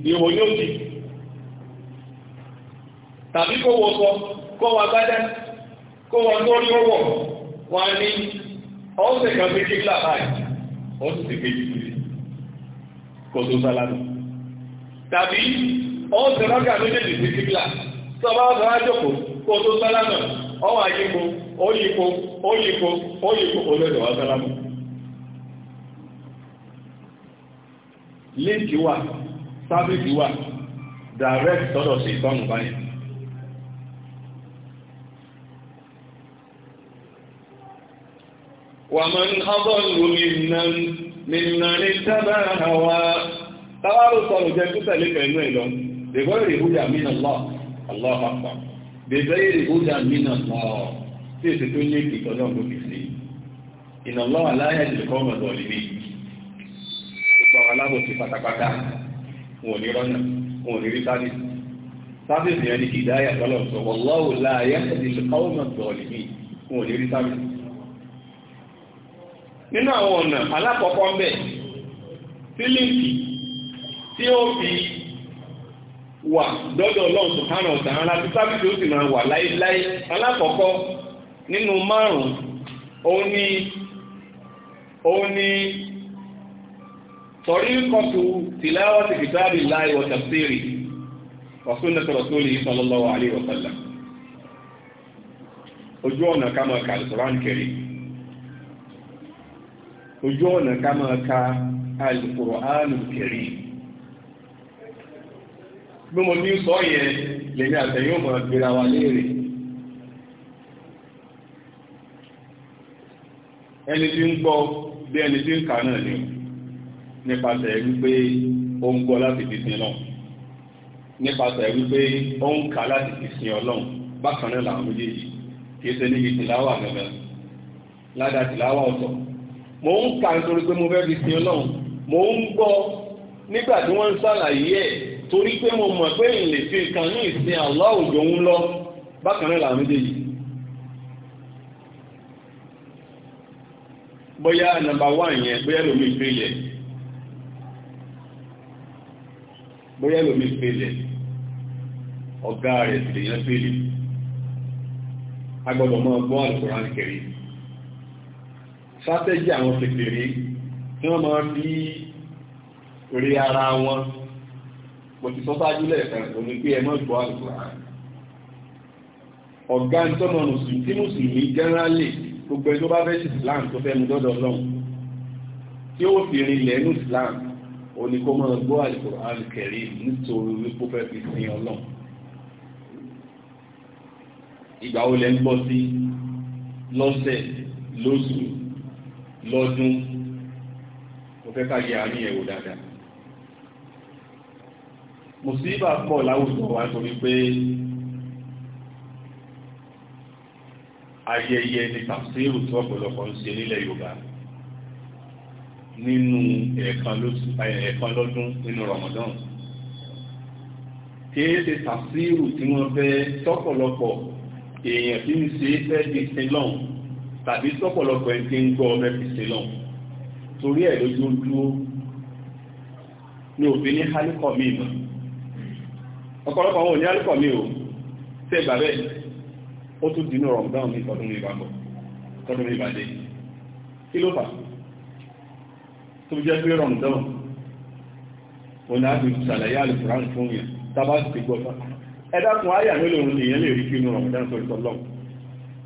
ìhòhò ní òkè tàbí kó wọ sọ kó wọ agbádá kó wọ lórí ọwọ́ wọn ní ọ̀sẹ̀ kan méjì lábáyé ọ̀sẹ̀ méjì kò tó sálámù tàbí ọ̀sẹ̀ rọ́gà méjèèjì sí kíkìlá tó bá ọ̀sẹ̀ rájòkó kò tó sálámù ọwọ́ àyípo óyípo óyípo óyípo olóòdò wá sálámù líǹkì wà sábìkì wà direct sọ́dọ̀ sí ìtọ́nù báyìí ومن أضل ممن nìmọ̀ni tábà àwa tábàrù sọ̀rọ̀ jẹ́ kútẹ̀lé pẹ̀lú ẹ̀ lọ bẹ̀bẹ̀ ìrìbújà mí Allah Allah akbar bẹ̀bẹ̀ ìrìbújà mí Allah tí èsì tó ní ìtọ́ náà ló fi sí Inna Allah aláyà ìdílé kọ́ ọmọdé ọ̀lẹ́bí ìtọ́ alábòsí pátápátá wọn ò ní rọ́nà wọn ò ní rí sábìsì sábìsì yẹn nínú àwọn ọ̀nà alákọ̀ọ́kọ́ ń bẹ̀ tí tí ó fi wà dọ́dọ̀ Ọlọ́run subhanahu wa ta'ala láti sábìtì ó sì máa wà láéláé alákọ̀ọ́kọ́ nínú márùn-ún òun ni òun ni tọ̀ríkọ̀tù tìláwọ́tì kìtàbí láì wa tafsiri wa sunnati rasulihi sallallahu alaihi wa sallam ojú ọ̀nà ká máa kà Al-Qur'an Karim ojú ọ̀nà ká máa ka Al-Qur'anul Karim bí mo ní sọ yẹn lèmi àtẹ̀yìn ọmọ ìgbéra wa léèrè ẹni tí ń gbọ́ bí ẹni tí ń kà náà ni nípasẹ̀ wípé ó ń gbọ́ láti fi sin náà nípasẹ̀ wípé ó ń kà láti fi sin ọlọ́run bákan náà làwọn méjèèjì kì í ṣe níbi tìláwà gangan ládàá tìláwà ọ̀tọ̀ mò ń kà nítorí pé mo fẹ́ fi sin ọlọ́run mò ń gbọ́ nígbà tí wọ́n ń ṣàlàyé ẹ̀ torí pé mo mọ̀ pé ìlè fi nǹkan ní ìsìn àlọ́ òjò ń lọ bákan náà làwọn méjèèjì. bóyá nàmbà wà yẹn bóyá lómi ìpínlẹ̀ bóyá lómi ìpínlẹ̀ ọ̀gá rẹ̀ sì lè yẹn pínlẹ̀ a gbọ́dọ̀ máa gbọ́ àlùkò ránkẹ́rì sátẹ́jì àwọn kékeré tí wọ́n máa fi rí ara wọn kò ti sọ sáájú lẹ́ẹ̀kan kò ní pé ẹ mọ́ ìgbọ́ àlùkùrá ọ̀gá ìtọ́nà mùsùlùmí tí mùsùlùmí gẹ́nrálì gbogbo ẹni tó bá fẹ́ sí Islam tó fẹ́ mu dọ́dọ̀ Ọlọ́run tí ó fi rin ilẹ̀ ní Islam ó ní kó máa gbọ́ àlùkùrá alùkẹ̀rí nítorí wípé ó fẹ́ fi sin Ọlọ́run ìgbà wo lẹ́ ń gbọ́ sí lọ́sẹ̀ lóṣù lọ́dún mo fẹ́ ká yẹ àárín ẹ̀wò dáadáa mùsíbà pọ̀ láwùjọ wa torí pé ayẹyẹ ni tàfsírù tí ọ̀pọ̀lọpọ̀ ń ṣe nílẹ̀ Yorùbá nínú ẹ̀ẹ̀kan lọ́dún nínú Ramadan kìí ṣe tàfsírù tí wọ́n fẹ́ tọ́pọ̀lọpọ̀ èèyàn tí ń ṣe fẹ́ di sílọ́hùn tàbí sọ́pọ̀lọpọ̀ ẹni tí ń gbọ́ ọmọ ẹbí sí lọ torí ẹ̀ lójú dúró ní òfin ní hálíkọ̀ mi mọ̀ ọ̀pọ̀lọpọ̀ àwọn òní hálíkọ̀ mi ò tẹ́ ìgbà bẹ́ẹ̀ ó tún dínú rọ̀mùdáhùn ní tọdún ní ìbàbọ̀ tọdún ní ìbàdé kí ló fà tó jẹ́ pé rọ̀mùdáhùn òní àti ìṣàlàyé àlùkùránì fún yẹn tábà ti gbọ́ ẹ̀dá kun áyà mélòó ni ìyẹn lè rí kí inú rọ̀mùdáhùn sọ̀rọ̀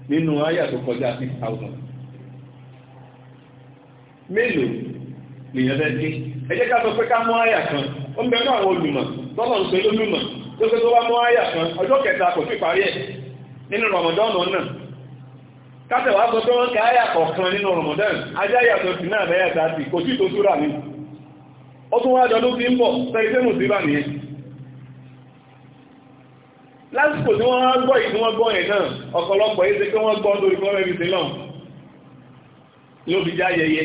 nínú àyà tó kọjá six thousand mélòó lèèyàn fẹ́ dé ẹ jẹ́ ká mú àyà kan ó ń bẹ àwọn olùmọ̀ tọ́lọ̀ ń pe tó ṣe tó wá mú àyà kan ọjọ́ kẹta kò sí nínú rọmọdọ́nù náà kátẹ̀wà sọ pé wọ́n ká àyà kọ̀ọ̀kan nínú ajá náà kò tó súra ní ló fi lásìkò tí wọ́n gbọ́ yìí tí wọ́n gbọ́ yẹn náà ọ̀pọ̀lọpọ̀ yìí ṣe pé wọ́n gbọ́ lórí fọ́nrán ẹni sílọ̀ ló fi já yẹyẹ.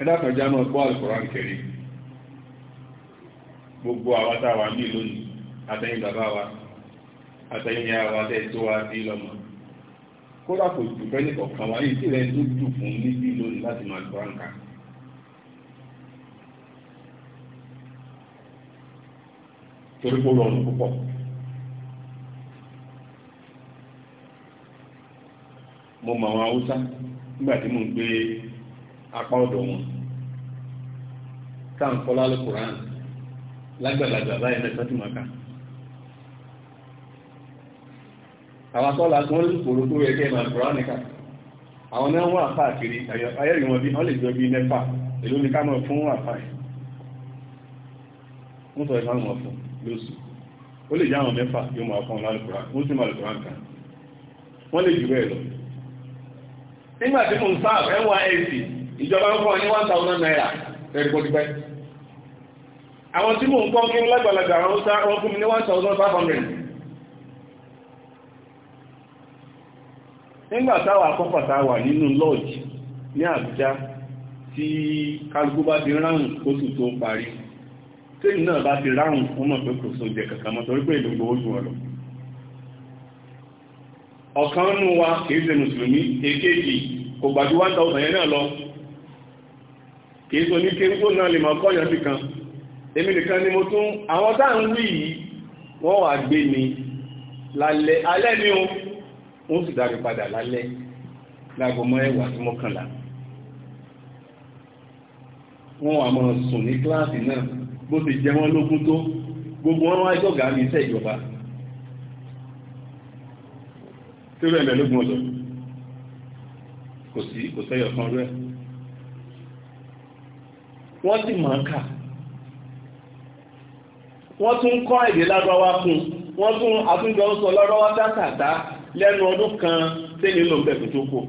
ẹ dákun já náà gbọ́ àlùkòrán kẹrin gbogbo àwọn tá a wà nílò ní àtẹ̀yìn bàbá wa àtẹ̀yìn ìyá wa tẹ́ tó wá sí lọ́mọ kódà kò jù fẹ́ nìkan kan wá yìí tí ìrẹ́ tó jù fún níbí lónìí láti máa gbọ́ àǹkà. torí ọnụ pụpọ púpọ̀. mo mọ àwọn haúsá nígbà tí mo ń gbé apá ọ̀dọ̀ lagbada táà ń kọ́ lálẹ́ kùránì kọla báyìí mẹ́ta tí màá kà. àwọn akọ́lá tó ń lùkòrò tó yẹ kẹ́ máa kùránì kà àwọn náà wọ́n àfáà kiri ayẹ́rì wọn bí ni lóṣù ó lè jáwọn mẹ́fà yóò máa fún lálùkùrá ó sì máa lùkùrá nǹkan wọ́n lè jù bẹ́ẹ̀ lọ nígbà tí mo ń sáà nysc ìjọba ń fún ọ ní one thousand naira ẹ̀rí kó dípẹ́ àwọn tí mò ń kọ́ kí wọ́n lágbàlagbà àwọn sá wọ́n fún mi ní one thousand five hundred nígbà táwà àkọ́kọ̀ táwà nínú lodge ní Àbújá tí kálukú bá ti ráhùn kóṣù tó parí tẹ́yìn náà bá ti ráhùn fún mọ̀ pé kò so jẹ kankan mọ́ torí pé ìdògbò ojú ọ̀rọ̀ ọ̀kan nù wa kìí ṣe mùsùlùmí èkejì kò gbàjú one thousand yẹn náà lọ kìí so ní kéńtó náà lè máa kọ́yàn sí kan èmi nìkan ni mo tún àwọn tá à ń wí yìí wọ́n wà gbé mi lálẹ́ alẹ́ ni ó wọ́n sì dárí padà lálẹ́ láago mọ́ ẹ̀wà sí mọ́kànlá wọ́n wà máa sùn ní kíláàsì náà bó ti jẹ wọ́n lógún tó gbogbo wọn wáyé tọ́gà ní iṣẹ́ ìjọba tí ó rẹ̀ mẹ́lógún ọ̀dọ̀ kò sí kò sẹ́yọ̀ kan rẹ̀ wọ́n sì máa kà wọ́n tún kọ́ èdè lárọ́wá fún wọ́n tún àtúndọ̀ ń sọ lọ́rọ́wá dátàdá lẹ́nu ọdún kan tẹ́lẹ̀ lọ́gbẹ̀kùn tó kù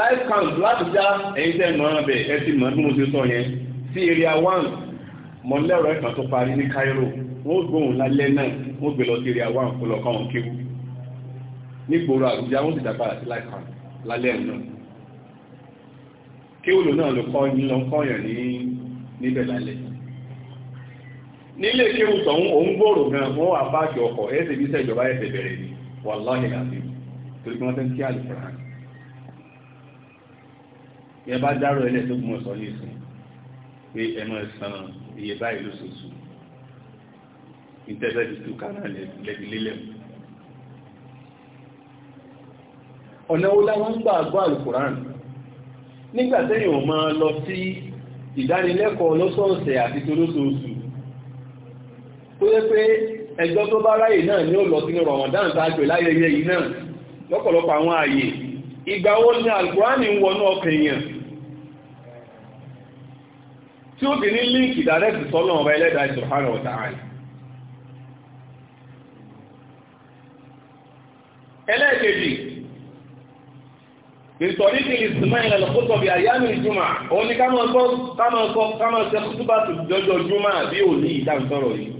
life camp lábújá ẹ̀yin tẹ́ mọ̀ ọ́n bẹ̀ ẹ ti mọ̀ bí mo ti sọ yẹn sí area one mọ̀lẹ́rọ̀ ẹ̀kan tó parí ní Cairo wọ́n gbóhùn lálẹ́ náà wọ́n gbé lọ sí area one kó lọ káwọn kéwú nígboro àbújá wọ́n sì dá sí life camp lálẹ́ náà kéwòlò náà ló kọ́ ní lọ kọ́yàn ní níbẹ̀ lálẹ́ nílé kéwù tọ̀hún òun gbòòrò gan wọ́n wà báàgì ọkọ̀ ẹ̀ẹ́sì bí sẹ́jọba ẹ̀sẹ̀ bẹ̀rẹ̀ ni wàláhì àti torí wọ́n tẹ́ ń kí àlùfáà ẹ bá dárò ẹlẹ tó gbọmọ sọ ní ìsìn pé ẹ máa san iye báyìí lóṣooṣù ìtẹ́fẹ́ tuntun kánà lẹ́gbẹ̀lélẹ̀ ọ̀nà wo láwọn ń gbà gbọ́ àlùkùrán nígbà tẹ́yìn ò máa lọ sí ìdánilẹ́kọ̀ọ́ lọ́sọ̀ọ̀sẹ̀ àti tolóṣooṣù tó yẹ pé ẹjọ́ tó bá ráyè náà ni ó lọ sínú rọ̀mọ̀dán sáájú láyẹyẹ yìí náà lọ́pọ̀lọpọ̀ àwọn ààyè ìgbà wo ni àlùkùránì ń wọnú ọkàn èèyàn ó ti ní líǹkì direct sọ́nà ọba ẹlẹ́dàá subhanahu wa ta'ala ẹlẹ́ẹ̀kejì ìtọ̀rí kí ìsìnmọ́ ìrìnlẹ̀ lọ́pọ̀tọ̀ bí àyámi ìjúmà ó ní ká máa kọ́ ká máa ṣe kútúbà tó jọjọ júmà bí ò ní ìdáǹtọ́rọ̀ yìí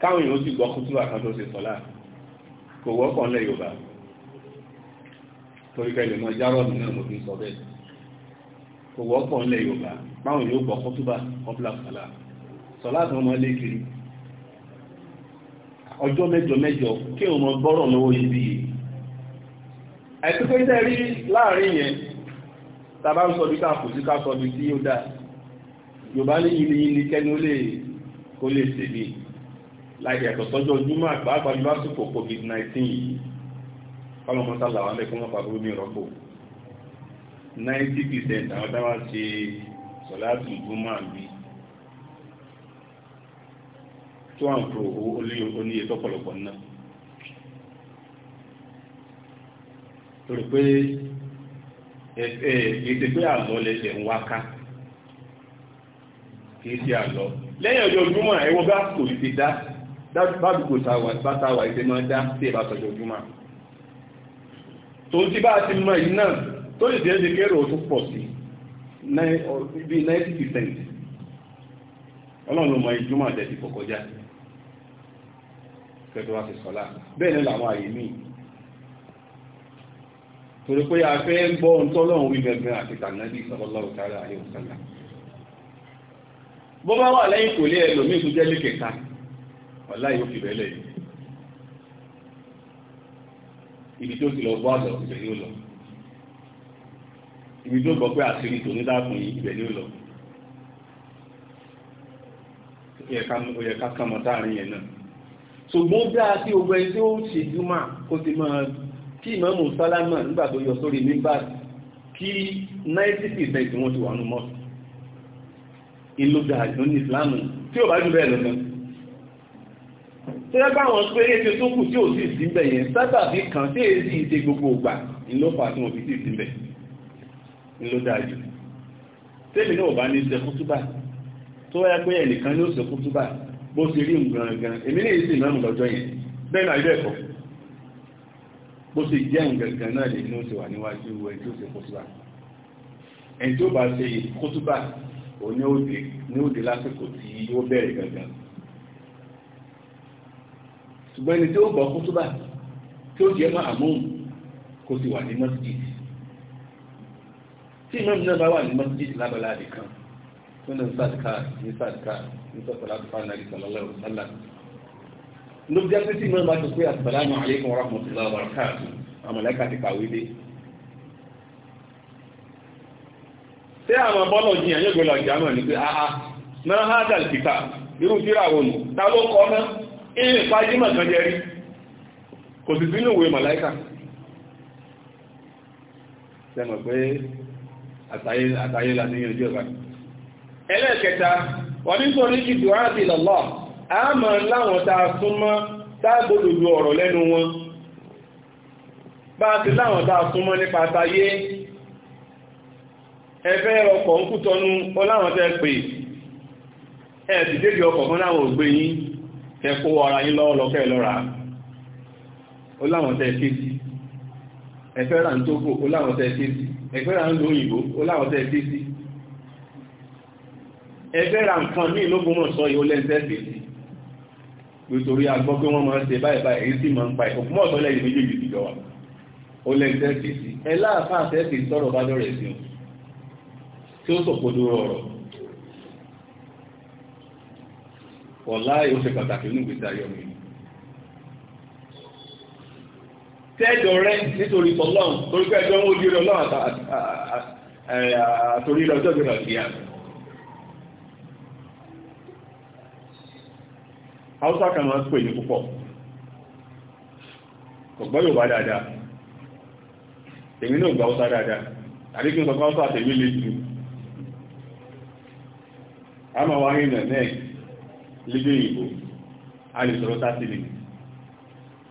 káwọn èèyàn sì gbọ́ kútúbà kan tó ṣe sọ́lá kò wọ́pọ̀ ńlẹ̀ Yorùbá torí kẹlẹ̀ mọ́ járọ̀ nínú mo fi sọ bẹ́ẹ̀ kò wọ́pọ̀ ńlẹ̀ Yorùbá báwọn yóò gbọ́ kọ́túbà kọ́pùlà sọ̀lá sọ̀lá tí wọ́n mọ lé kiri ọjọ́ mẹ́jọ mẹ́jọ kí wọ́n mọ gbọ́rọ̀ lọ́wọ́ ibi yìí àìpípẹ́ tẹ́ rí láàrin yẹn tàbá ń sọ bí ká kò sí ká sọ bí tí ó dáa Yorùbá ní ilé ilé kẹ́ni ó lè kó lè sèlè láì yàtọ̀ sọ́jọ́ júmọ́ àgbààgbà ní lásìkò COVID-19 yìí kọ́lọ́mọ́sá làwọn lẹ́kọ́ wọn pàbó mi rọ́pò 90% àwọn dáwà ṣe sọ̀láàtì ìjúmọ́ àbí tó à ń pro oníye tọ́pọ̀lọpọ̀ náà torí pé èdè pé àlọ́ lẹ́sẹ̀ ń wá ká kìí ṣe àlọ́ lẹ́yìn ọjọ́ ojúmọ́ ẹwọ́ bá kò ti dá bábùkù sáwà ìṣe máa dá sí ẹ̀bá sọjọ́ ojúmọ́ tó ti bá ti mọ ìná tó lè jẹ́ ti kérò tó pọ̀ sí i bí 90% ọlọ́run ló mọ ìjúmọ̀ àdẹ́dì kò kọjá pẹ̀lú wá sí sọ́lá bẹ́ẹ̀ ní làwọn àyè míì torí pé a fẹ́ ń gbọ́ ohun tọ́lọ́run wí gbẹ̀gbẹ̀ àti tànàbí sallallahu ta'ala alaihi wasallam bó bá wà lẹ́yìn kò lé ẹlòmíì tó jẹ́ lẹ́kẹ̀ẹ́ta ọ̀la yóò fi bẹ́ẹ̀ lẹ́yìn ibi tó ti lọ bọ́ àdọ̀ ìbẹ̀ yóò lọ ibi tó gbọ́ pé àṣírí tòní dákùn yìí ibẹ̀ ni ó lọ ó yẹ ká kàn mọ́ sáàrin yẹn náà ṣùgbọ́n bí a ti ogun ẹni tí ó ṣe júmọ́ kó ti máa kí ìmọ̀mù sálámà nígbà tó yọ sórí nígbà kí 90 percent wọ́n ti wà nù mọ́ ìlú gàdùn ní ìsìláàmù tí ò bá jù bẹ́ẹ̀ lọ́gbọ́n tẹ́lẹ̀ báwọn pé ètò tó kù tí ò sí ìsìnbẹ̀ yẹn sábàbí kan tí èsì ìdè gbogbo ògbà ìlọ́pàá tí wọ́n fi sí ìsìnbẹ̀ yẹn ló dáa jù tèmi náà bá ní ṣe kútúbà tó wáyé pé ẹnìkan ní ó ṣe kútúbà bó ṣe rí nǹkan èmi ní èsì ìmọ̀mù lọ́jọ́ yẹn bẹ́ẹ̀ náà ilé ẹ̀kọ́ bó ṣe jẹ́ nǹkan náà lè ní ó ṣe wà níwájú ẹni tó ṣe kútúbà ẹni tó bá ṣe kútúbà ò ní òde ní òde lásìkò tí ó bẹ̀rẹ̀ gangan ṣùgbọ́n ẹni tí gbọ́ kútúbà tí jẹ́ máa mú kó ti wà ní mọ́sídìí tí ìmọ̀ náà bá wà ní masjid lábẹ́lá àdì kan tó ní sàdíkà ní sàdíkà ní sọ̀tàlá tó fà nàbí sàlọ́lá ìwòsàlá ló jẹ́ pé tí ìmọ̀ bá tó pé assalamu alaykum wa rahmatullahi wa barakatuh àwọn mọ̀lẹ́kà ti kàwé dé. ṣé àwọn bọ́lọ̀ jiyàn yóò gbọ́dọ̀ jà mọ̀ ní pé aha náà há dàlùkítà irú tíra wo nù ta ló kọ́ ná ìrìn fájímọ̀ kan jẹ́rí kò sì sínú ìwé mọ̀lẹ́kà. ṣé mọ̀ pé àtàyé láti yanjú ọ̀gá ẹlẹ́ẹ̀kẹta wọ́n nítorí ìdù áàbì lọ́lọ́ a mọ̀ láwọn ta súnmọ́ tágbòdòdó ọ̀rọ̀ lẹ́nu wọn bá ti láwọn ta súnmọ́ nípa àtàyé ẹfẹ́ ọkọ̀ ń kú tọnu ọláwọn tẹ́ ẹgbẹ́ ra ń lo òyìnbó ó láwọn tẹ́ sí sí ẹgbẹ́ ra nǹkan ní ìlógúnmọ̀ sọ yóò lẹ́ńtẹ́ sí sí nítorí a gbọ́ pé wọ́n máa ń ṣe báyìí báyìí èyí sì máa ń pa ìfòkúmọ̀ ọ̀sán lẹ́yìn méjèèjì ìjọ wa ó lẹ́ńtẹ́ sí sí ẹ láàfáà tẹ́ sí sọ̀rọ̀ bá dọ̀rẹ̀ sí tí ó sòkodo ọ̀rọ̀ wọ̀lá yóò ṣe pàtàkì nígbèsè ayọ̀ mi tẹ́jọ rẹ nítorí tọ́lọ́run torí pé ẹjọ́ ń wojú ọlọ́run àtòrí lọ́jọ́ ìgbìmọ̀ ìgbìyà. haúsá kan máa ń pè ní púpọ̀ kò gbọ́ Yorùbá dáadáa èmi náà gba haúsá dáadáa àbí kí n sọ pé haúsá àtẹ̀mí lè jù a máa wá ní ìrìnà náà lédè ìbò a lè sọ̀rọ̀ sátìlì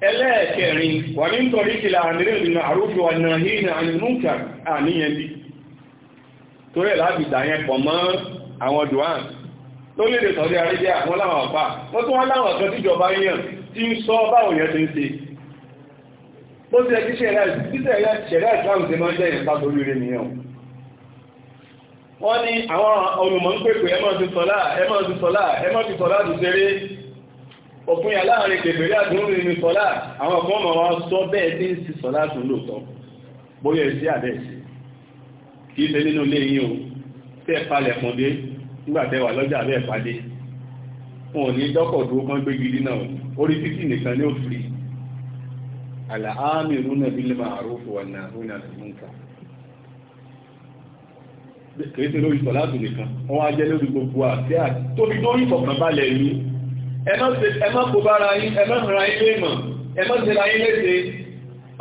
ẹlẹ́ẹ̀kẹrin wà ní nítorí ìkìlà àmìrìn ìrìnà àrúfẹ́ wà náà hìnà àmìnúkà àníyàn bí tó rẹ̀ láti dàyẹn pọ̀ mọ́ àwọn duan tó lédè sọ́dẹ́ àríjẹ́ àwọn láwọn àpá wọ́n tó wọ́n láwọn kan tíjọba yàn tí ń sọ báwọn yẹn ti ń ṣe bó ti ẹjí ṣẹ̀rẹ́ ìslam ti máa jẹ́ ìyẹ̀ta torí rẹ̀ nìyàn wọ́n ní òfin yà láàrin kèbèrè àdúrú ni sọ́lá àwọn ọ̀pọ̀ ọmọ wọn sọ bẹ́ẹ̀ tí ń sí sọ́lá tún lóòtọ́ bóyá sí àdẹ́sì kì í ṣe nínú ilé yín o tẹ́ palẹ̀ fún dé nígbàtẹ́ wà lọ́jà bẹ́ẹ̀ pàdé wọn ò ní dọ́kọ̀ dúró kan gbé gidi náà orí títì nìkan ní òfin àlàámì rúnà bí lè máa rúfò wà náà rúnà tó mú ká kì lórí sọ́lá tún nìkan wọ́n á jẹ́ lórí gbogbo àti àti tóbi tó rí ẹmọ́ kò bára yín ẹmọ́ ìrìnra yín lè mọ̀ ẹmọ́ ìrìnra yín léṣe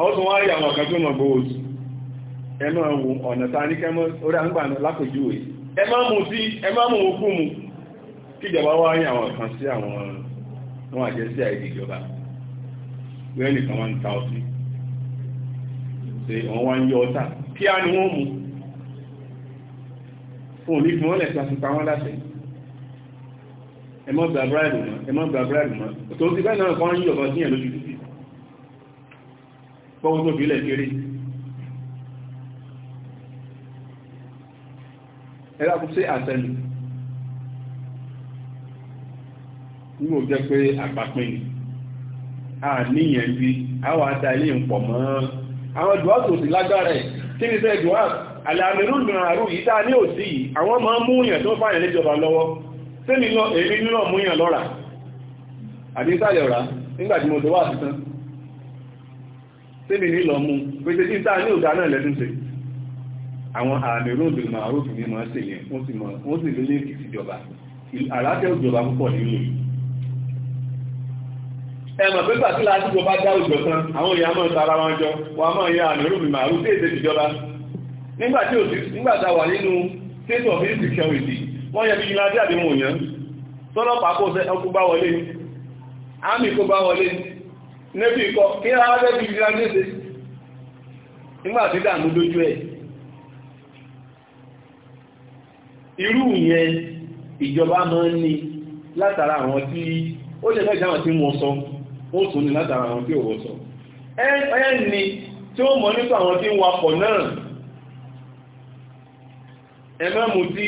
ọdún wá rí àwọn àkàtún mọ̀ gbogbo oṣù ẹmọ́ ohun ọ̀nà ta ní kẹmọ́ orí àǹgbà lápòjúwe ẹmọ́ mú sí ẹmọ́ mú okú mu kí ìjọba wá rí àwọn kan sí àwọn wọn àjẹ́ sí àìdí ìjọba wẹ́n nìkan wá ń ta ọtí ṣe wọ́n wá ń yọ ọ́tà kí á ní wọ́n mú fún ẹ má gba bíráìlì mọ́ ẹ má gba bíráìlì mọ́ tó ti bẹ́ẹ̀ náà kan yí ọ̀kan sí ẹ̀ lójú títì fọ́wọ́ tó bílẹ̀ kéré ẹ lákùn sí àtẹnu ní o jẹ́ pé àpapin ni a níyàn bí àwọn ata ilé ń pọ̀ mọ́ àwọn dùwà tó sì lágbára ẹ̀ kí ni sẹ́ dùwà àlàmìrún mìíràn àrùn yìí tá a ní òsì yìí àwọn máa ń mú yàn tó fàyàn níjọba lọ́wọ́ sẹ́mi lọ èmi nílọ múyàn lọ́ra àdínsàlẹ̀ ọ̀rá nígbàtí mo tó wà sí tán sẹ́mi nílọ mú pèsè tí sáà ní òdá náà lẹ́dún sí àwọn àmì róòdù màárùn ní ma ṣe yẹn wọ́n sì lélé ìjọba àlàáfíà òjọba púpọ̀ nílò yìí ẹmọ̀ pé pàtí láti gbọ́ bá dá òjò kan àwọn èèyàn mọ́ tara wọn jọ wọ́n mọ́ ìyá àmì róòdù màárùn tí èdè ìjọba nígbàtí òsì nígbàtà wà nínú state of insecurity wọ́n yẹ bí yúnadé àbí mò yán tọ́lọ́pàá kó sẹ ọkú bá wọlé ní àmì kó bá wọlé ní nébì kọ kí á rẹ́ bí yúnadé ṣe nígbà tí dàmú lójú ẹ̀ irú yẹn ìjọba máa ń ní látara àwọn tí ó lè mẹ́jọ àwọn tí wọ́n sọ ó tún ní látara àwọn tí ò wọ́n sọ ẹni tí ó mọ̀ nípa àwọn tí ń wakọ̀ náà ẹ̀mẹ́mù tí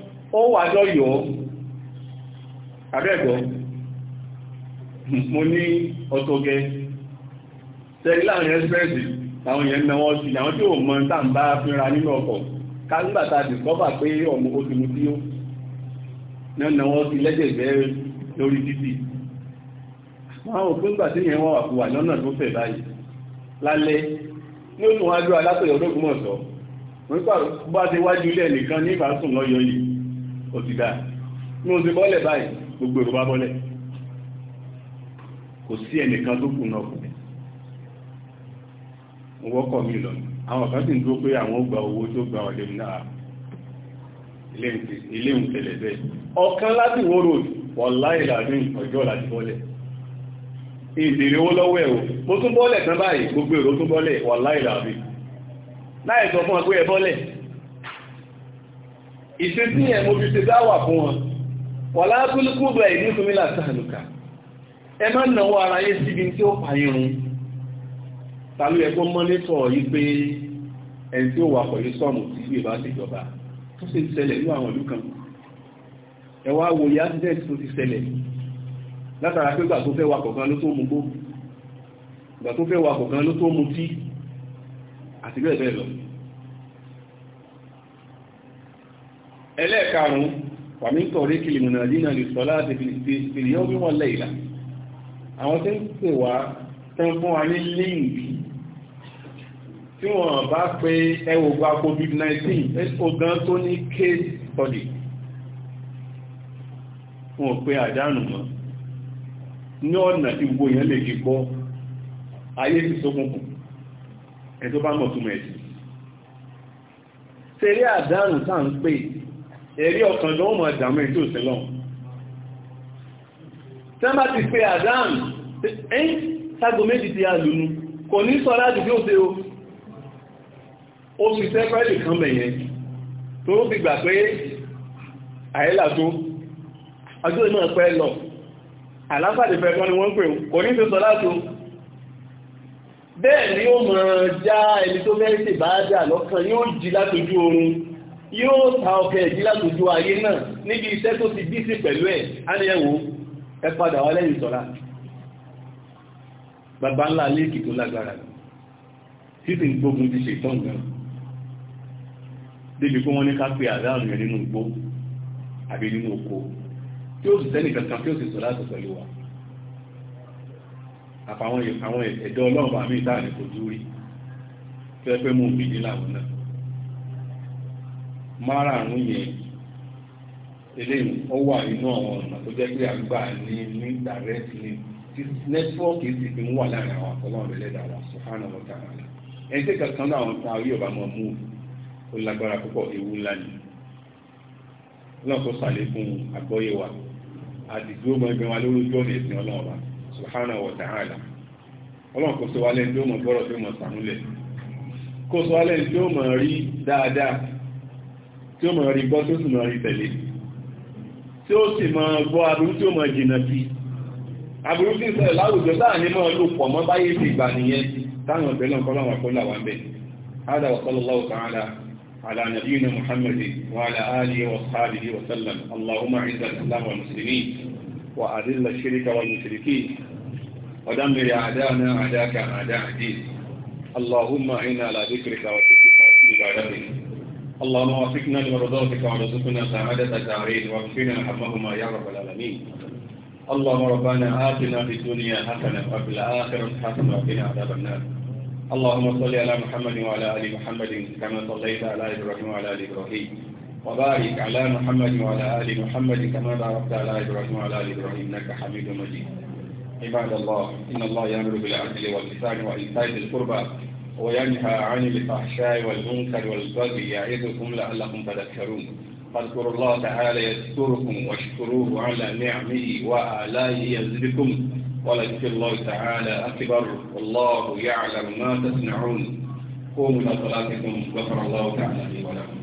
ó wà lọ́yọ̀ọ́ abẹ́ẹ̀gọ́ mo ní ọ̀tọ̀gẹ́ tẹ́rí láàrin ẹ́sìpẹ́ẹ̀sì àwọn èèyàn náwọ́ sí àwọn tí ò mọ tàǹbá fínra nínú ọkọ̀ káńgbàtà dìkọ́fà pé ọmọ oṣù mú tí ó náwọ́ sí lẹ́gbẹ̀ẹ́ lórí títì máa ò fún gbàtí yẹn wọ́n wà lọ́nà tó fẹ̀ báyìí lálẹ́ ní oṣù wájú alápẹ̀yọ̀ ológun mọ̀sọ̀ wípà bá ti wájú ilé nìkan ní ìbásùn lọ́yọ̀ yìí ó ti dáa ní oṣù bọ́lẹ̀ báyìí gbogbo èrò bá bọ́lẹ̀ kò sí ẹnìkan tó kù náà kù mo wọ́kọ̀ mi lọ àwọn kan sì ń dúró pé àwọn ó gba owó tó gba ọ̀lẹ́ mi náà ilé ń tẹ̀lẹ̀ bẹ́ẹ̀ ọ̀kan láti wó road wọ̀lá ìlànà ọjọ́ láti bọ́lẹ̀ ìdèrè owó lọ́wọ́ ẹ̀ o mo tún bọ́lẹ̀ tán báyìí gbogbo èrò tún bọ́lẹ̀ wọ̀lá ìlànà láì sọ fún ọ pé ẹ bọ́lẹ̀ ìṣesí yẹn mo fi ṣe dáwà fún wọn wà lábúlùkù bẹ̀ ìlú ìfúnmi làtàlùkà ẹ má náwó ara yé síbi tí ó pààyàn tàbí ẹgbọ́n mọ́nítọ̀ yìí pé ẹni tí ó wà pẹ̀lú sọ́ọ̀mù tí ìlú ìbá ṣèjọba tó sì ṣẹlẹ̀ ní àwọn ìlú kan ẹ wá wòye ti ṣẹlẹ̀ tó fẹ́ ẹlẹ́ẹ̀karùn-ún wàmí kọ̀rí kìlì mùnàdínà lè sọ láti fìlì yóò wíwọ́n lẹ́ìlà àwọn tí ń pè wá tán fún wa ní líǹkì tí wọ́n bá pé ẹwò covid-19 ogan tó ní case study wọn pé àdánù mọ́ ní ọ̀nà tí gbogbo èèyàn lè fi gbọ́ ayé ti sókùnkùn ẹ̀ tó bá mọ̀ túnmọ̀ ẹ̀sìn ṣeré àdánù tá à ń pè ẹ̀rí ọkàn lọ́wọ́ mọ̀ àdàmú ètò òsìlọ́ tí wọ́n bá ti pé adam ẹ́yìn ságo méjì ti alùnú kò ní sọ láti bí ó ṣe o ó sì sẹ́fẹ́lì kan bẹ̀yẹn tó ó fi gbà pé àyílà tó ọjọ́ iná pẹ́ lọ àlàáfàdì fẹ́ kọ́ ni wọ́n pè kò ní sọ láti o bẹ́ẹ̀ ni ó mọ̀ já ẹni tó fẹ́ ṣèbáadà lọ́kàn yóò jí látojú oorun yóò ta ọkẹ̀ ìdí látòjú ayé náà níbi iṣẹ́ tó ti bísí pẹ̀lú ẹ̀ ánìyẹ̀wò ẹ padà wá lẹ́yìn sọ́ra bàbá ńlá léèkì tó lágbára títí ń gbógun ti ṣe tán gan débi kó wọ́n ní ká pe àdáhùn yẹn nínú igbó àbí nínú oko tí ó sì sẹ́nì kankan tí ó sì sọ láti pẹ̀lú wa àfàwọn ẹ̀dọ́ ọlọ́run bàmí ìta àníkojú rí fẹ́ pé mú òbí ní làwọn náà márààrún yẹn eléyìí ó wà nínú àwọn ọ̀nà tó jẹ́ pé àgbà ní ní direct link tí nẹ́tíwọ́ọ̀kì sì fi ń wà láàrin àwọn àtọ́lọ́wọ́n rẹ̀ lẹ́dàá wa sọ̀hánà wọn tàn án ẹni tí kankan náà àwọn tá a rí ọba mọ́ mú ó lágbára púpọ̀ ewu ńlá ni ọlọ́run tó sàlékún àgbọ́yé wa àdìgbò mọ ẹgbẹ́ wa lórí ojú ọ̀nà ìsìn ọlọ́run wa sọ̀hánà wọn tàn án ọlọ́run kò sọ wálé ní tí ó mọ̀ gbọ́rọ̀ tí ó mọ̀ sàmúlẹ̀ kó sọ wálé ní tí ó máa rí gbọ́ tó sì máa rí tẹ̀lé tí ó sì máa gbọ́ aburú tí ó máa jìnà sí aburú tí ń sọ̀rọ̀ láwùjọ táà ní máa lò pọ̀ mọ́ báyé ti gbà nìyẹn táwọn ọ̀bẹ̀ náà kọ́lọ́wà kó là wà ń bẹ̀ hádà wa sallallahu ta'ala ala nabiyyina اللهم وفقنا لمرضاتك وارزقنا سعادة الدارين واكفنا همهما يا رب العالمين اللهم ربنا آتنا في الدنيا حسنة وفي الآخرة حسنة وقنا عذاب النار اللهم صل على محمد وعلى آل محمد كما صليت على إبراهيم وعلى آل إبراهيم وبارك على محمد وعلى آل محمد كما باركت على إبراهيم وعلى آل إبراهيم إنك حميد مجيد عباد الله إن الله يأمر بالعدل والإحسان وإيتاء ذي القربى وينهى عن الفحشاء والمنكر والبغي يعظكم لعلكم تذكرون فاذكروا الله تعالى يذكركم واشكروه على نعمه وآلائه يزدكم ولذكر الله تعالى أكبر والله يعلم ما تصنعون قوموا إلى صلاتكم غفر الله تعالى لي ولكم